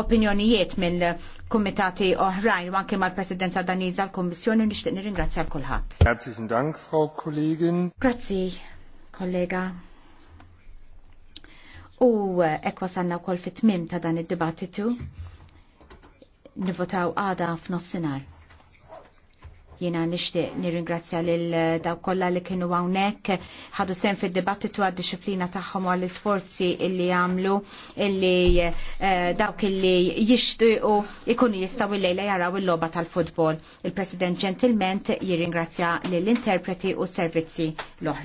opinjonijiet mill kumitati oħrajn u anke mal-Presidenza Daniża l-Kommissjoni nixtieq nirringrazzja kulħadd. Herzlichen Dank, Frau Kollegin. Grazzi, kollega. U hekk wasanna wkoll fit-tmim ta' dan id-dibattitu. Nivotaw għada f'nofsinhar jina nishtiq nirringrazzja lil daw kollha li kienu hawnhekk ħadu sen fid-dibattitu għad-disciplina tagħhom għall isforzi illi għamlu illi eh, dawk illi jixtiequ ikunu jistgħu illejla jaraw il-logħba tal-futbol. Il-President ġentilment jirringrazzja lill-interpreti u s-servizzi l-oħra.